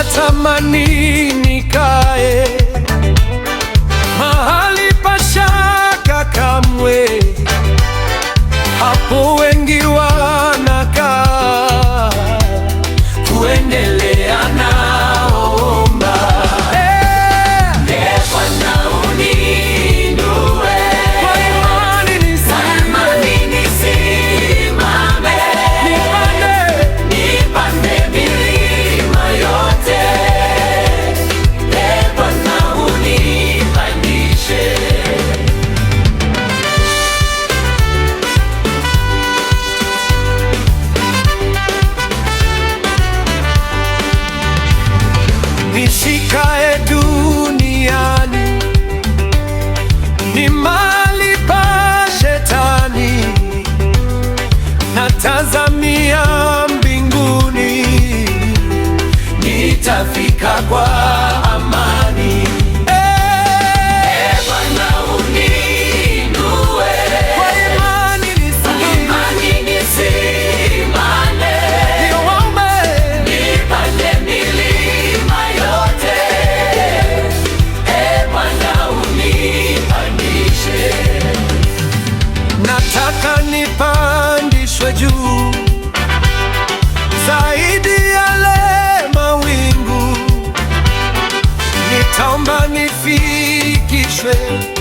natamani Nikitazamia mbinguni nitafika kwa nifikishwe